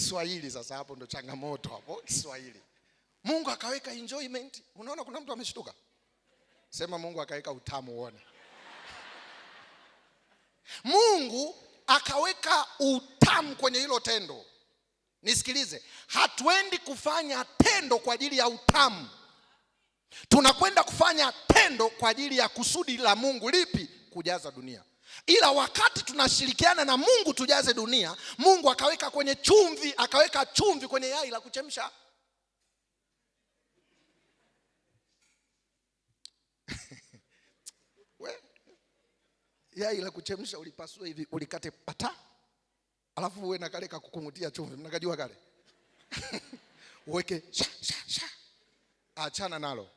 Kiswahili sasa, hapo ndo changamoto hapo Kiswahili. Mungu akaweka enjoyment. Unaona kuna mtu ameshtuka, sema Mungu akaweka utamu. Uone Mungu akaweka utamu kwenye hilo tendo. Nisikilize, hatuendi kufanya tendo kwa ajili ya utamu, tunakwenda kufanya tendo kwa ajili ya kusudi la Mungu. Lipi? Kujaza dunia. Ila wakati tunashirikiana na Mungu tujaze dunia, Mungu akaweka kwenye chumvi, akaweka chumvi kwenye yai la kuchemsha. We, yai la kuchemsha ulipasua hivi ulikate pata, alafu uwe na kale kukungutia chumvi, mnakajua kale uweke sha sha sha, achana nalo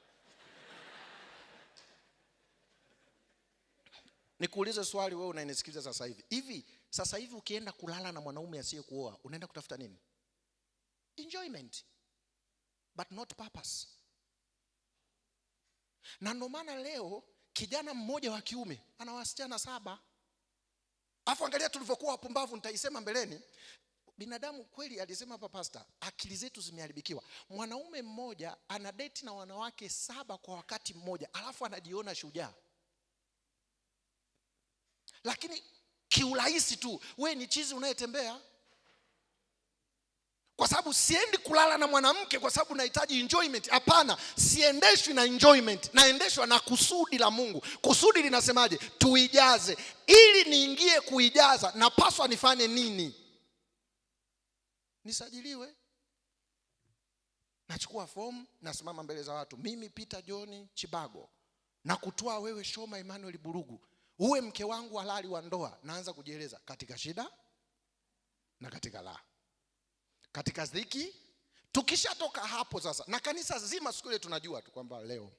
Nikuulize swali, wewe unanisikiliza sasa hivi. Hivi sasa hivi ukienda kulala na mwanaume asiyekuoa, unaenda kutafuta nini? Enjoyment but not purpose. Na ndio maana leo kijana mmoja wa kiume ana wasichana saba. Afu angalia tulivyokuwa wapumbavu, nitaisema mbeleni. Binadamu kweli, alisema hapa pasta, akili zetu zimeharibikiwa. Mwanaume mmoja ana date na wanawake saba kwa wakati mmoja, alafu anajiona shujaa lakini kiurahisi tu, we ni chizi unayetembea. Kwa sababu siendi kulala na mwanamke kwa sababu nahitaji enjoyment. Hapana, siendeshwi na enjoyment, naendeshwa na kusudi la Mungu. Kusudi linasemaje? Tuijaze. Ili niingie kuijaza, napaswa nifanye nini? Nisajiliwe, nachukua fomu, nasimama mbele za watu, mimi Peter John Chibago na kutoa wewe Shoma Emmanuel Burugu uwe mke wangu halali wa ndoa, naanza kujieleza katika shida na katika la, katika dhiki. Tukishatoka hapo sasa, na kanisa zima siku ile tunajua tu kwamba leo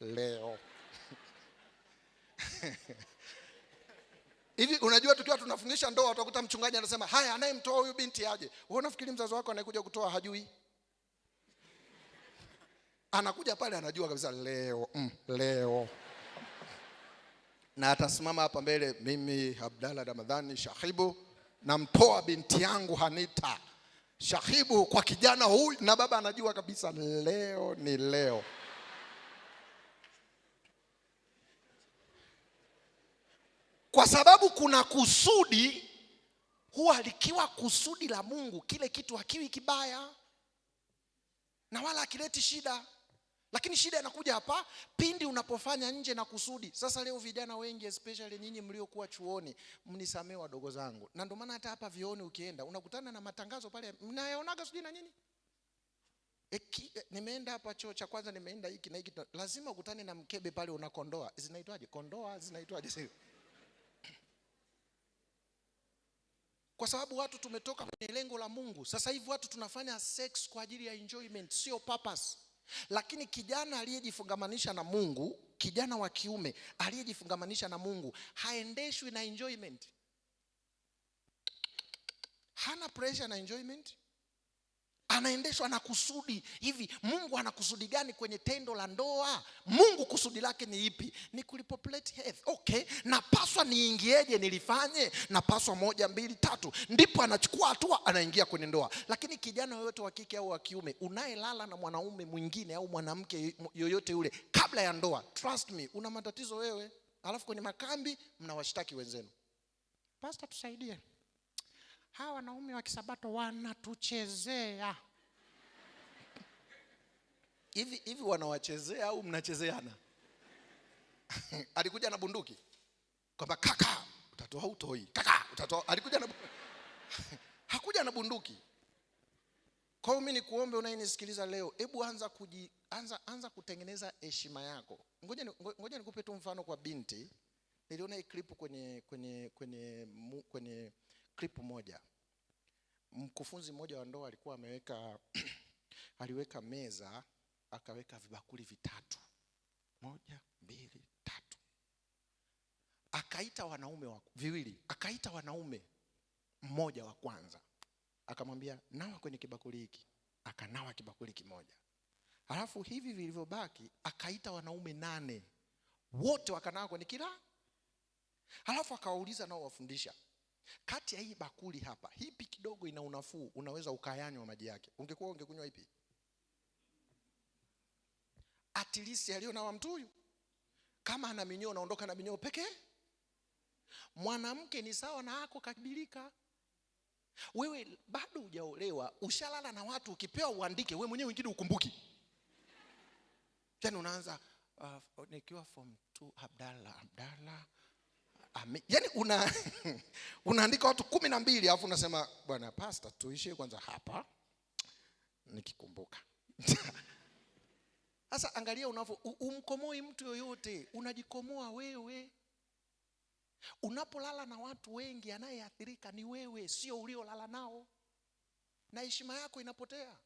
leo hivi unajua, tukiwa tunafungisha ndoa utakuta mchungaji anasema haya, anayemtoa huyu binti aje. Wewe unafikiri mzazi wako anayekuja kutoa hajui? Anakuja pale anajua kabisa leo mm, leo na atasimama hapa mbele. Mimi Abdalla Ramadhani Shahibu namtoa binti yangu Hanita Shahibu kwa kijana huyu, na baba anajua kabisa leo ni leo. Kwa sababu kuna kusudi, huwa likiwa kusudi la Mungu, kile kitu hakiwi kibaya na wala akileti shida. Lakini shida inakuja hapa pindi unapofanya nje na kusudi. Sasa leo vijana wengi especially nyinyi mliokuwa chuoni, mnisamee wadogo zangu, na ndio maana hata hapa vioni ukienda unakutana na matangazo pale, mnayaonaga sijui na nini Eki, e, nimeenda hapa choo cha kwanza, nimeenda hiki na hiki, lazima ukutane na mkebe pale unakondoa, zinaitwaje? Kondoa zinaitwaje sasa? Kwa sababu watu tumetoka kwenye lengo la Mungu. Sasa hivi watu tunafanya sex kwa ajili ya enjoyment, sio purpose. Lakini kijana aliyejifungamanisha na Mungu, kijana wa kiume aliyejifungamanisha na Mungu haendeshwi na enjoyment, hana pressure na enjoyment anaendeshwa na kusudi. Hivi Mungu ana kusudi gani kwenye tendo la ndoa? Mungu kusudi lake ni ipi? Ni kulipopulate health. Okay, napaswa niingieje? Nilifanye napaswa moja, mbili, tatu, ndipo anachukua hatua, anaingia kwenye ndoa. Lakini kijana yoyote wa kike au wa kiume unayelala na mwanaume mwingine au mwanamke yoyote yule kabla ya ndoa, trust me, una matatizo wewe. Alafu kwenye makambi mnawashtaki wenzenu, Pastor tusaidie, hawa wanaume wa Kisabato wanatuchezea hivi hivi wanawachezea au mnachezeana? alikuja na bunduki kwamba kaka, utatoa utoi, kaka utatoa. Alikuja na hakuja na bunduki. Kwa hiyo mimi nikuombe unayenisikiliza leo, hebu anza kuji, anza, anza kutengeneza heshima yako. Ngoja ngoja nikupe tu mfano kwa binti. Niliona hii clip kwenye kwenye kwenye kwenye clip moja, mkufunzi mmoja wa ndoa alikuwa ameweka aliweka meza akaweka vibakuli vitatu, moja, mbili, tatu. Akaita wanaume wa viwili, akaita wanaume mmoja wa kwanza, akamwambia nawa kwenye kibakuli hiki, akanawa kibakuli kimoja. Halafu hivi vilivyobaki akaita wanaume nane, wote wakanawa kwenye kila. Halafu akawauliza nao wafundisha kati ya hii bakuli hapa, hipi kidogo ina unafuu, unaweza ukayanywa maji yake. Ungekuwa ungekunywa hipi? least aliyonawa na huyu Kama ana minyoo naondoka na minyoo pekee. Mwanamke ni sawa na ako kabilika wewe bado hujaolewa, ushalala na watu, ukipewa uandike wewe mwenyewe, wengine ukumbuki. tena yaani unaanza uh, nikiwa form 2 Abdalla Abdalla Ame, yani una unaandika watu kumi na mbili alafu unasema bwana pastor, tuishie kwanza hapa nikikumbuka Sasa angalia unavyo umkomoi mtu yoyote, unajikomoa wewe. Unapolala na watu wengi, anayeathirika ni wewe, sio uliolala nao, na heshima yako inapotea.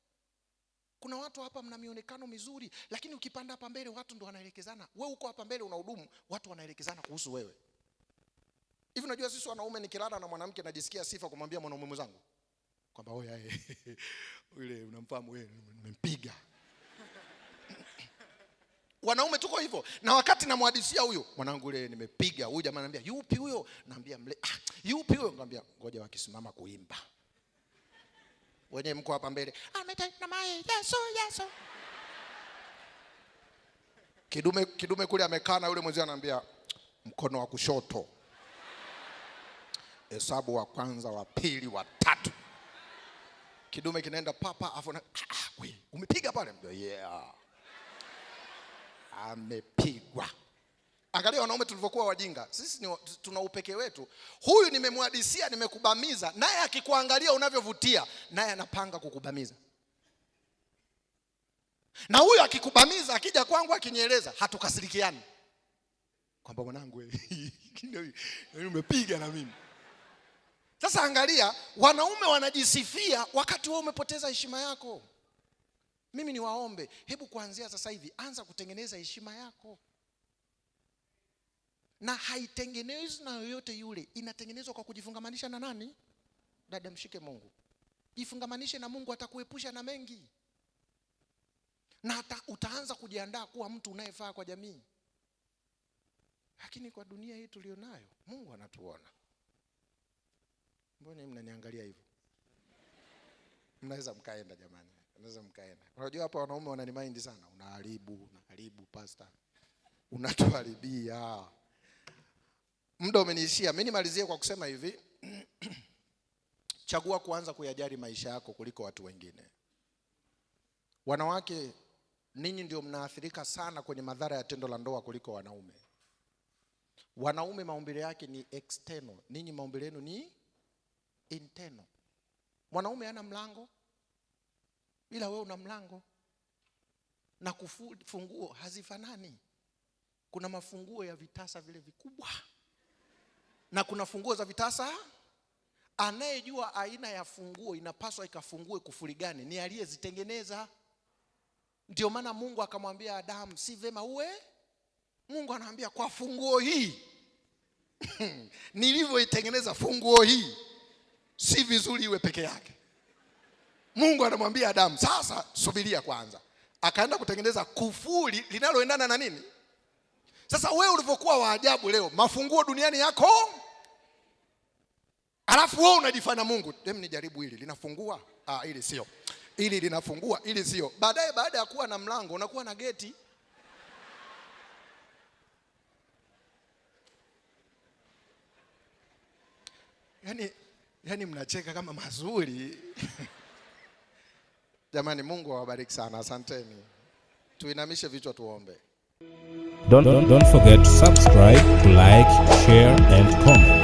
Kuna watu hapa mna mionekano mizuri, lakini ukipanda hapa mbele watu ndo wanaelekezana. Wewe uko hapa mbele unahudumu, watu wanaelekezana kuhusu wewe. Hivi unajua sisi wanaume nikilala na mwanamke najisikia sifa kumwambia mwanaume mwenzangu kwamba wewe eh, yule unamfahamu wewe, eh, nimempiga Wanaume tuko hivyo, na wakati namwadisia huyo mwanangu ule nimepiga huyu jamaa, anambia yupi huyo? Naambia mle, ah, yupi huyo? Ngambia ngoja wakisimama kuimba wenye mko hapa mbele, yeso yeso Kidume kidume kule amekaa na yule mwenzie anaambia mkono wa kushoto, hesabu wa kwanza, wa pili, wa tatu. Kidume kinaenda papa afu na ah, ah umepiga pale, yeah amepigwa. Angalia wanaume tulivyokuwa wajinga sisi, ni, tuna upekee wetu. Huyu nimemwadisia, nimekubamiza, naye akikuangalia unavyovutia, naye anapanga kukubamiza. Na huyu akikubamiza, akija kwangu akinieleza, hatukasirikiani kwamba mwanangu eh, yaani umepiga na mimi sasa. Angalia wanaume wanajisifia wakati wewe umepoteza heshima yako. Mimi niwaombe, hebu kuanzia sasa hivi anza kutengeneza heshima yako, na haitengenezwi na yoyote yule, inatengenezwa kwa kujifungamanisha na nani? Dada, mshike Mungu, jifungamanishe na Mungu, atakuepusha na mengi na hata utaanza kujiandaa kuwa mtu unayefaa kwa jamii. Lakini kwa dunia hii tulionayo, Mungu anatuona. Mbona mnaniangalia hivyo? Mnaweza mkaenda jamani. Naweza mkaenda. Unajua hapa wanaume wananimaindi sana, unaharibu, unaharibu pasta, unatuharibia. Muda umeniishia, mimi nimalizie kwa kusema hivi chagua kuanza kuyajali maisha yako kuliko watu wengine. Wanawake, ninyi ndio mnaathirika sana kwenye madhara ya tendo la ndoa kuliko wanaume. Wanaume maumbile yake ni external, ninyi maumbile yenu ni internal. Mwanaume hana mlango ila wewe una mlango na kufunguo hazifanani. Kuna mafunguo ya vitasa vile vikubwa na kuna funguo za vitasa. Anayejua aina ya funguo inapaswa ikafungue kufuli gani ni aliyezitengeneza. Ndio maana Mungu akamwambia Adamu, si vema uwe. Mungu anaambia kwa funguo hii nilivyoitengeneza funguo hii si vizuri iwe peke yake. Mungu anamwambia Adamu, sasa subiria kwanza. Akaenda kutengeneza kufuli linaloendana na nini? Sasa wewe ulivyokuwa wa ajabu leo, mafunguo duniani yako, alafu wewe unajifanya Mungu, hem, nijaribu hili linafungua. Ah, hili sio, hili linafungua, hili sio. Baadaye baada ya kuwa na mlango unakuwa na geti. Yaani, yaani mnacheka kama mazuri Jamani, Mungu awabariki sana, asanteni. Tuinamishe vichwa tuombe. Don't, don't, don't forget to subscribe, to like, share and comment.